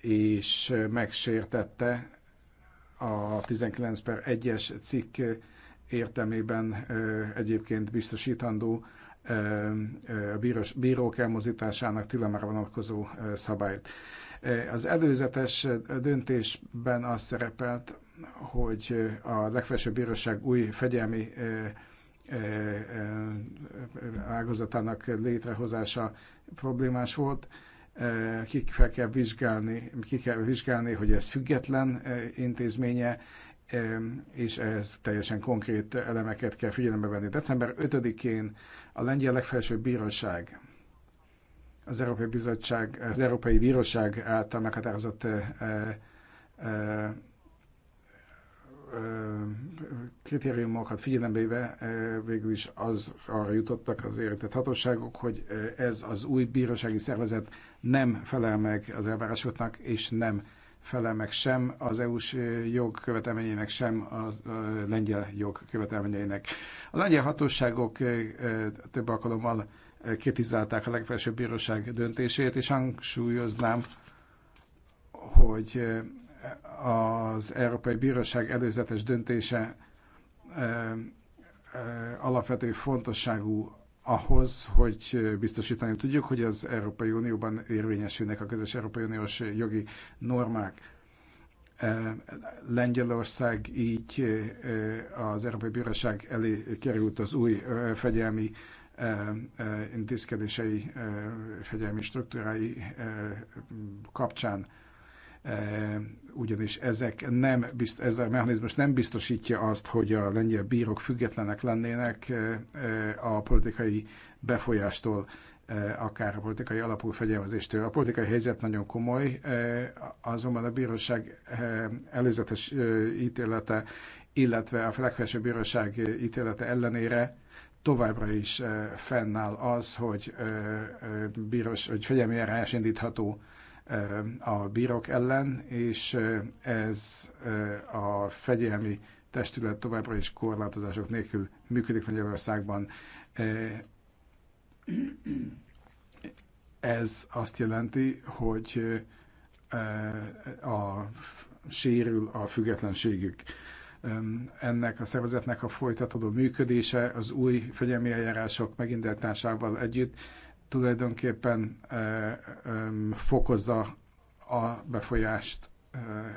és megsértette a 19 per 1-es cikk értelmében egyébként biztosítandó a bíros, bírók elmozításának tilamára vonatkozó szabályt. Az előzetes döntésben az szerepelt, hogy a legfelsőbb bíróság új fegyelmi ágazatának létrehozása problémás volt. Ki kell vizsgálni, ki kell vizsgálni, hogy ez független intézménye, és ehhez teljesen konkrét elemeket kell figyelembe venni. December 5-én a Lengyel Legfelsőbb Bíróság az Európai Bizottság, az Európai Bíróság által meghatározott eh, eh, eh, kritériumokat figyelembe végül is az arra jutottak az érintett hatóságok, hogy ez az új bírósági szervezet nem felel meg az elvárásoknak, és nem felemek sem az EU-s eh, jog követelményeinek, sem a eh, lengyel jog követelményeinek. A lengyel hatóságok eh, több alkalommal kritizálták a legfelsőbb bíróság döntését, és hangsúlyoznám, hogy az Európai Bíróság előzetes döntése alapvető fontosságú ahhoz, hogy biztosítani tudjuk, hogy az Európai Unióban érvényesülnek a közös Európai Uniós jogi normák. Lengyelország így az Európai Bíróság elé került az új fegyelmi intézkedései, fegyelmi struktúrái kapcsán Eh, ugyanis ezek nem bizt, ez a mechanizmus nem biztosítja azt, hogy a lengyel bírók függetlenek lennének eh, a politikai befolyástól, eh, akár a politikai alapú fegyelmezéstől. A politikai helyzet nagyon komoly, azonban a bíróság előzetes ítélete, illetve a legfelsőbb bíróság ítélete ellenére továbbra is fennáll az, hogy, bíros, hogy fegyelmi eljárás indítható a bírok ellen, és ez a fegyelmi testület továbbra is korlátozások nélkül működik Magyarországban. Ez azt jelenti, hogy a, sérül a függetlenségük. Ennek a szervezetnek a folytatódó működése az új fegyelmi eljárások megindításával együtt tulajdonképpen fokozza a befolyást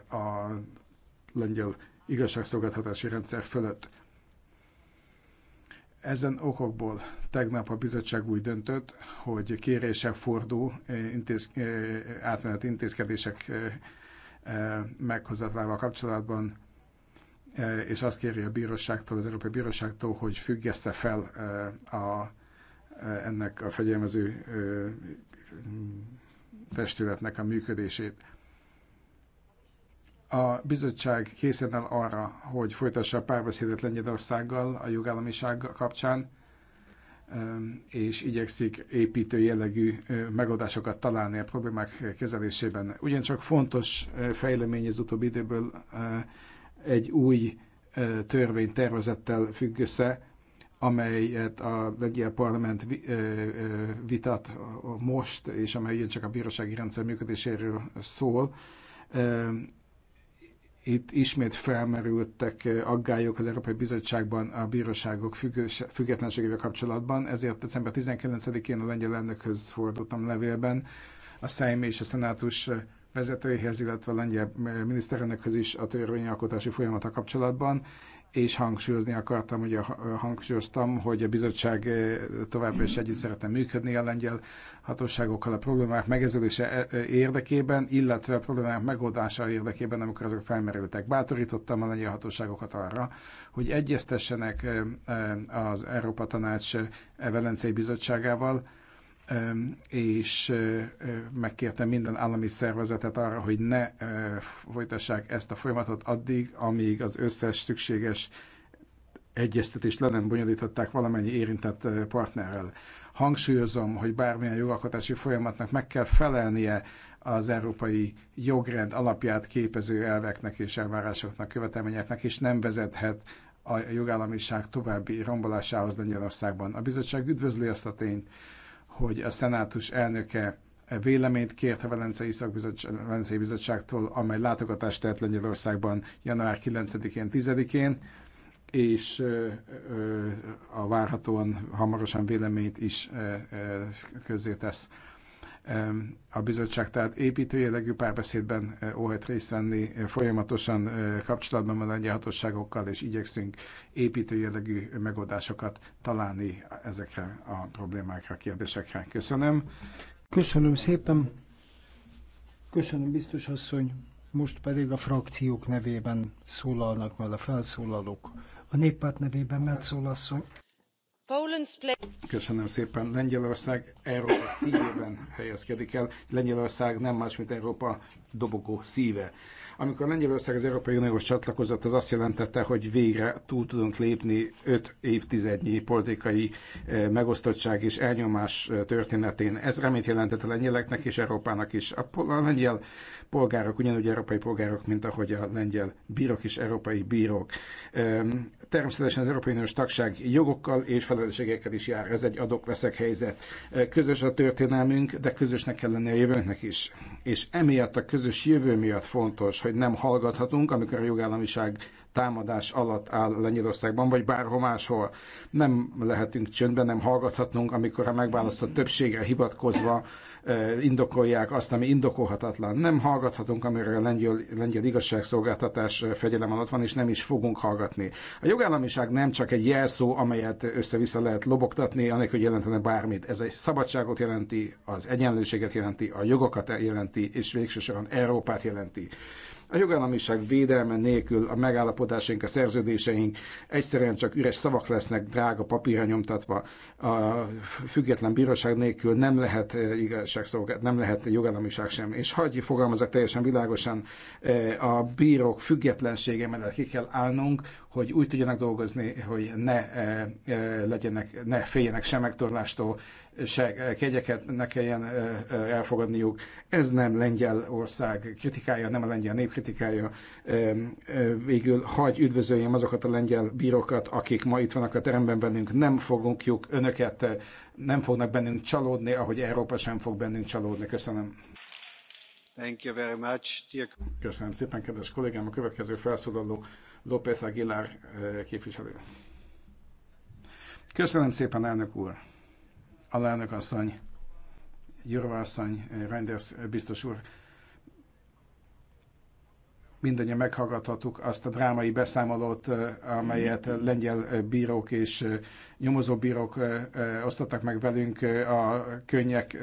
a lengyel igazságszolgáltatási rendszer fölött. Ezen okokból tegnap a bizottság úgy döntött, hogy kérése fordul intéz, átmeneti intézkedések meghozatával kapcsolatban, és azt kéri a bíróságtól, az Európai Bíróságtól, hogy függesse fel a ennek a fegyelmező testületnek a működését. A bizottság készen el arra, hogy folytassa a párbeszédet Lengyelországgal a jogállamiság kapcsán, és igyekszik építő jellegű megoldásokat találni a problémák kezelésében. Ugyancsak fontos fejlemény az utóbbi időből egy új törvénytervezettel függ össze, amelyet a legjobb parlament vitat most, és amely csak a bírósági rendszer működéséről szól. Itt ismét felmerültek aggályok az Európai Bizottságban a bíróságok függetlenségével kapcsolatban, ezért december 19-én a lengyel elnökhöz fordultam levélben, a Szájmi és a Szenátus vezetőihez, illetve a lengyel miniszterelnökhöz is a törvényalkotási folyamata kapcsolatban, és hangsúlyozni akartam, hogy a, hangsúlyoztam, hogy a bizottság eh, továbbra is együtt szeretne működni a lengyel hatóságokkal a problémák megezelése eh, eh, érdekében, illetve a problémák megoldása érdekében, amikor azok felmerültek. Bátorítottam a lengyel hatóságokat arra, hogy egyeztessenek az Európa Tanács Velencei Bizottságával, és megkértem minden állami szervezetet arra, hogy ne folytassák ezt a folyamatot addig, amíg az összes szükséges egyeztetést le nem bonyolították valamennyi érintett partnerrel. Hangsúlyozom, hogy bármilyen jogalkotási folyamatnak meg kell felelnie az európai jogrend alapját képező elveknek és elvárásoknak, követelményeknek, és nem vezethet a jogállamiság további rombolásához Lengyelországban. A bizottság üdvözli azt a tényt, hogy a szenátus elnöke e véleményt kért a Velencei, Szakbizottság, Velencei Bizottságtól, amely látogatást tett Lengyelországban január 9-én, 10-én, és a várhatóan hamarosan véleményt is közzétesz. A bizottság tehát építő jellegű párbeszédben eh, óhajt részt venni, eh, folyamatosan eh, kapcsolatban van a hatóságokkal, és igyekszünk építő jellegű megoldásokat találni ezekre a problémákra, kérdésekre. Köszönöm. Köszönöm szépen. Köszönöm, biztos asszony. Most pedig a frakciók nevében szólalnak mert a felszólalók. A néppárt nevében Metszól asszony. Köszönöm szépen. Lengyelország Európa szívében helyezkedik el. Lengyelország nem más, mint Európa dobogó szíve. Amikor Lengyelország az Európai Unióhoz csatlakozott, az azt jelentette, hogy végre túl tudunk lépni öt évtizednyi politikai eh, megosztottság és elnyomás eh, történetén. Ez reményt jelentett a lengyeleknek és Európának is. A lengyel polgárok ugyanúgy európai polgárok, mint ahogy a lengyel bírok is európai bírok. Természetesen az Európai Uniós tagság jogokkal és felelősségekkel is jár. Ez egy adok-veszek helyzet. Közös a történelmünk, de közösnek kell lenni a jövőnknek is. És emiatt a közös jövő miatt fontos, hogy nem hallgathatunk, amikor a jogállamiság támadás alatt áll Lengyelországban, vagy bárhol máshol. Nem lehetünk csöndben, nem hallgathatnunk, amikor a megválasztott többségre hivatkozva indokolják azt, ami indokolhatatlan. Nem hallgathatunk, amire a lengyel, lengyel igazságszolgáltatás fegyelem alatt van, és nem is fogunk hallgatni. A jogállamiság nem csak egy jelszó, amelyet össze-vissza lehet lobogtatni, annak, hogy jelentene bármit. Ez egy szabadságot jelenti, az egyenlőséget jelenti, a jogokat jelenti, és végső soron Európát jelenti. A jogállamiság védelme nélkül a megállapodásaink, a szerződéseink egyszerűen csak üres szavak lesznek, drága papírra nyomtatva. A független bíróság nélkül nem lehet eh, igazságszolgálat, nem lehet jogállamiság sem. És hagyj fogalmazok teljesen világosan, eh, a bírók függetlensége mellett ki kell állnunk, hogy úgy tudjanak dolgozni, hogy ne e, e, legyenek, ne féljenek se megtorlástól, se kegyeket ne kelljen e, elfogadniuk. Ez nem Lengyelország kritikája, nem a lengyel nép kritikája. Végül hagy üdvözöljem azokat a lengyel bírókat, akik ma itt vannak a teremben bennünk. Nem fogunk önöket, nem fognak bennünk csalódni, ahogy Európa sem fog bennünk csalódni. Köszönöm. Thank you very much. Dear... Köszönöm szépen, kedves kollégám. A következő felszólaló López Aguilar eh, képviselő. Köszönöm szépen, elnök úr, alelnök asszony, Jurva asszony, eh, Reinders eh, biztos úr. Mindannyian meghallgathattuk azt a drámai beszámolót, amelyet lengyel bírók és nyomozóbírók osztottak meg velünk, a könnyek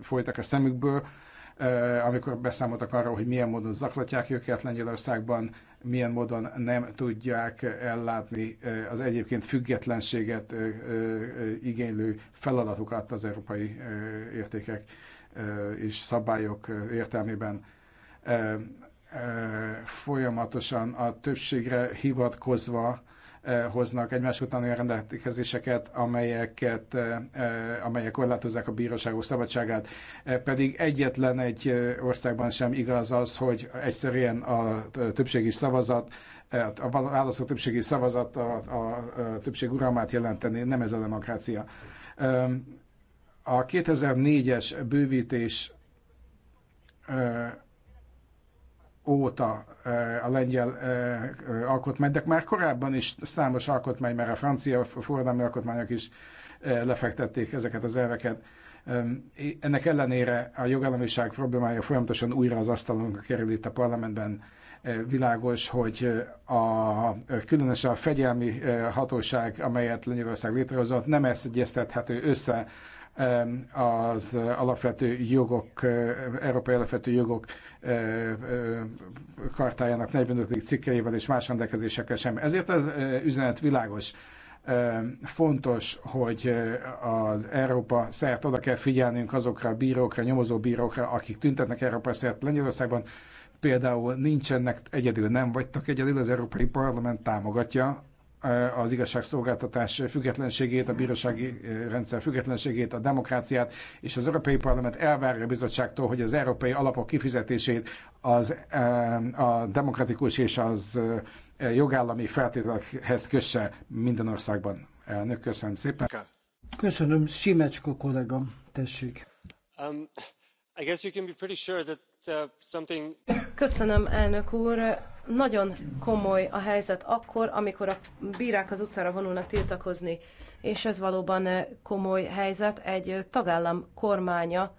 folytak a szemükből, amikor beszámoltak arról, hogy milyen módon zaklatják őket Lengyelországban, milyen módon nem tudják ellátni az egyébként függetlenséget igénylő feladatukat az európai értékek és szabályok értelmében folyamatosan a többségre hivatkozva Eh, hoznak egymás után olyan rendelkezéseket, amelyeket, eh, eh, amelyek korlátozzák a bíróságok szabadságát. Pedig egyetlen egy országban sem igaz az, hogy egyszerűen a többségi szavazat, a választó többségi szavazat a, a többség uralmát jelenteni, nem ez a demokrácia. A 2004-es bővítés óta a lengyel alkotmány, de már korábban is számos alkotmány, mert a francia forradalmi alkotmányok is lefektették ezeket az elveket. Ennek ellenére a jogállamiság problémája folyamatosan újra az asztalunkra kerül itt a parlamentben. Világos, hogy a, különösen a fegyelmi hatóság, amelyet Lengyelország létrehozott, nem ezt egyeztethető össze az alapvető jogok, Európai Alapvető Jogok kartájának 45. cikkeivel és más rendelkezésekkel sem. Ezért az üzenet világos. Fontos, hogy az Európa szert oda kell figyelnünk azokra a bírókra, nyomozó bírókra, akik tüntetnek Európa szert Lengyelországban, például nincsenek egyedül, nem vagytok egyedül, az Európai Parlament támogatja Eh, az igazságszolgáltatás függetlenségét, a bírósági eh, rendszer függetlenségét, a demokráciát, és az Európai Parlament elvárja a bizottságtól, hogy az európai alapok kifizetését az, eh, a demokratikus és az jogállami feltételekhez kösse minden országban. Elnök, köszönöm szépen. Köszönöm, Simecska kollega, tessék. Um, I guess you can be pretty sure that uh, something... Köszönöm, elnök úr nagyon komoly a helyzet akkor, amikor a bírák az utcára vonulnak tiltakozni, és ez valóban eh, komoly helyzet. Egy eh, tagállam kormánya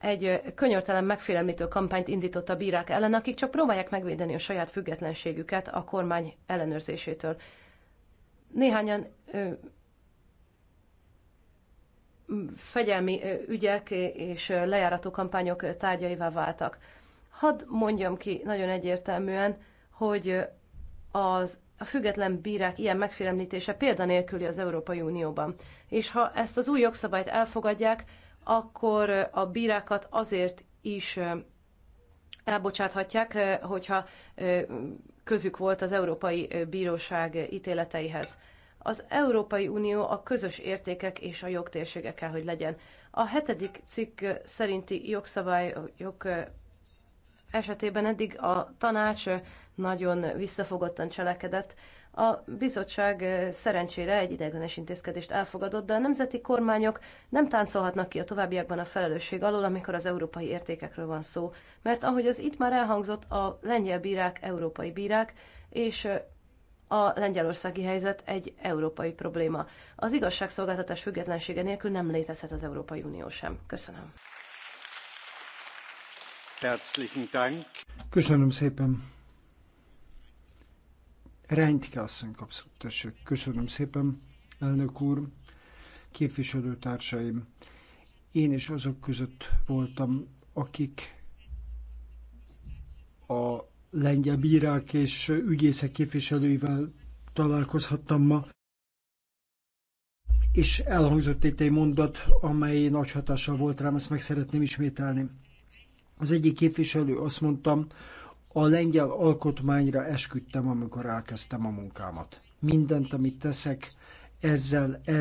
egy eh, könyörtelen megfélemlítő kampányt indított a bírák ellen, akik csak próbálják megvédeni a saját függetlenségüket a kormány ellenőrzésétől. Néhányan ö, fegyelmi ügyek és lejárató kampányok tárgyaivá váltak. Hadd mondjam ki nagyon egyértelműen, hogy az a független bírák ilyen megfélemlítése példanélküli az Európai Unióban. És ha ezt az új jogszabályt elfogadják, akkor a bírákat azért is elbocsáthatják, hogyha közük volt az Európai Bíróság ítéleteihez. Az Európai Unió a közös értékek és a jogtérségekkel, hogy legyen. A hetedik cikk szerinti jogszabályok esetében eddig a tanács nagyon visszafogottan cselekedett. A bizottság szerencsére egy ideiglenes intézkedést elfogadott, de a nemzeti kormányok nem táncolhatnak ki a továbbiakban a felelősség alól, amikor az európai értékekről van szó. Mert ahogy az itt már elhangzott, a lengyel bírák európai bírák, és a lengyelországi helyzet egy európai probléma. Az igazságszolgáltatás függetlensége nélkül nem létezhet az Európai Unió sem. Köszönöm. Herzlichen Dank. Köszönöm szépen. Reintke asszony kapszott, Köszönöm szépen, elnök úr, képviselőtársaim. Én is azok között voltam, akik a lengyel bírák és ügyészek képviselőivel találkozhattam ma, és elhangzott itt egy mondat, amely nagy hatással volt rám, ezt meg szeretném ismételni. Az egyik képviselő azt mondta, a lengyel alkotmányra esküdtem, amikor elkezdtem a munkámat. Mindent, amit teszek, ezzel, ez